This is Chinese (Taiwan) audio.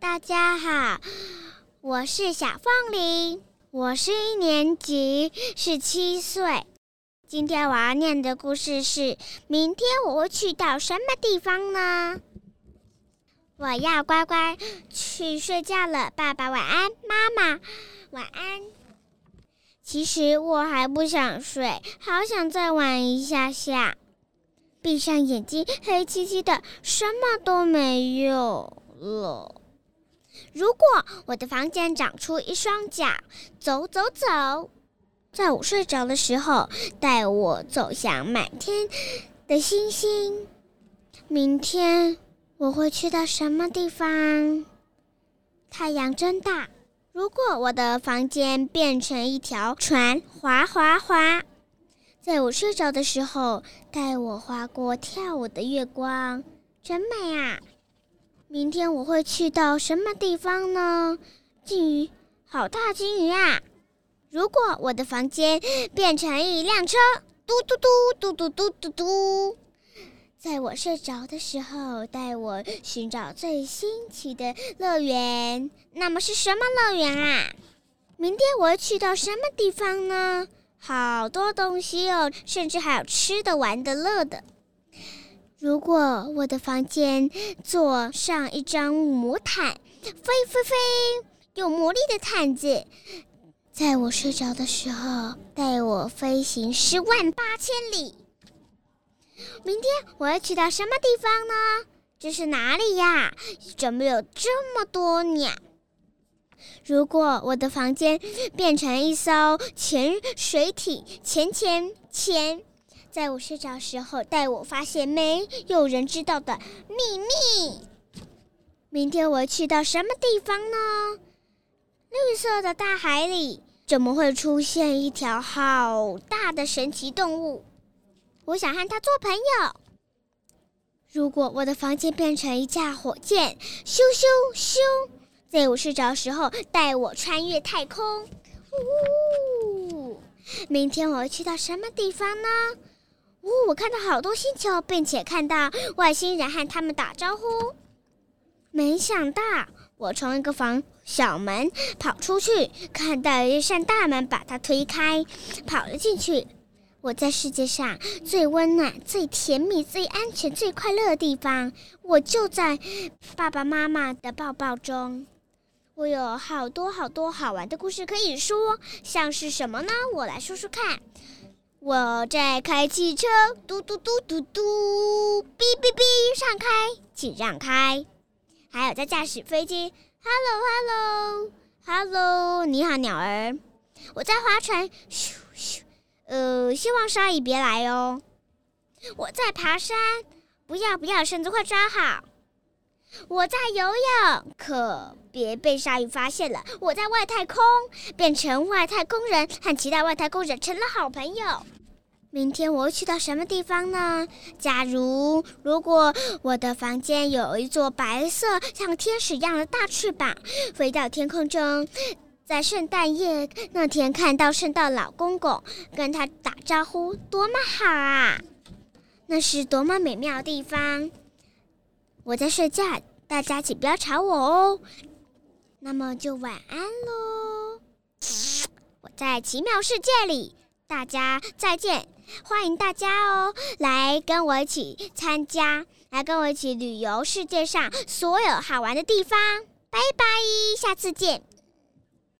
大家好，我是小鳳梨，我是一年級，十七歲。今天我要念的故事是《明天我會去到什麼地方呢》。我要乖乖去睡覺了，爸爸晚安，媽媽晚安。其實我還不想睡，好想再玩一下下。閉上眼睛，黑漆漆的，什麼都沒有了。如果我的房間長出一雙腳，走走走，在我睡着的時候，帶我走向滿天的星星。明天我會去到什麼地方？太陽真大。如果我的房間變成一條船，划划划，在我睡着的時候，帶我划過跳舞的月光，真美啊。明天我會去到什麼地方呢？金魚，好大金魚啊！如果我的房間變成一輛車，嘟嘟嘟嘟，嘟嘟嘟嘟嘟，在我睡着的時候，帶我尋找最新奇的樂園。那麼是什麼樂園啊？明天我要去到什麼地方呢？好多東西哦，甚至還有吃的、玩的、樂的。如果我的房間坐上一張魔毯，飛飛飛，有魔力的毯子，在我睡着的時候帶我飛行十萬八千里。明天我要去到什麼地方呢？這是哪裡呀？怎麼有這麼多鳥？如果我的房間變成一艘潛水艇，潛潛潛。在我睡着時候，帶我發現沒有人知道的秘密。明天我去到什麼地方呢？綠色的大海裡怎麼會出現一條好大的神奇動物？我想和它做朋友。如果我的房間變成一架火箭，咻咻咻，在我睡着時候帶我穿越太空，嗚嗚嗚！明天我去到什麼地方呢？嗚、哦，我看到好多星球，並且看到外星人，和他們打招呼。沒想到我從一個房小門跑出去，看到一扇大門，把它推開，跑了進去。我在世界上最溫暖、最甜蜜、最安全、最快樂的地方，我就在爸爸媽媽的抱抱中。我有好多好多好玩的故事可以說，像是什麼呢？我來說說看。我在開汽車，嘟嘟嘟嘟嘟，嗶嗶嗶，讓開，請讓開。還有在駕駛飛機，hello，hello hello hello，你好鳥兒。我在划船，噓噓，呃，希望鯊魚別來喲、哦。我在爬山，不要不要，身子快抓好。我在游泳，可別被鯊魚發現了。我在外太空，變成外太空人，和其他外太空人成了好朋友。明天我會去到什麼地方呢？假如如果我的房間有一座白色像天使一樣的大翅膀，飛到天空中，在聖誕夜那天看到聖誕老公公，跟他打招呼，多麼好啊！那是多麼美妙的地方。我在睡覺，大家請不要吵我哦。那麼就晚安嘍。嗯。我在奇妙世界裡，大家再見。歡迎大家哦，來跟我一起參加，來跟我一起旅遊世界上所有好玩的地方。拜拜，下次見。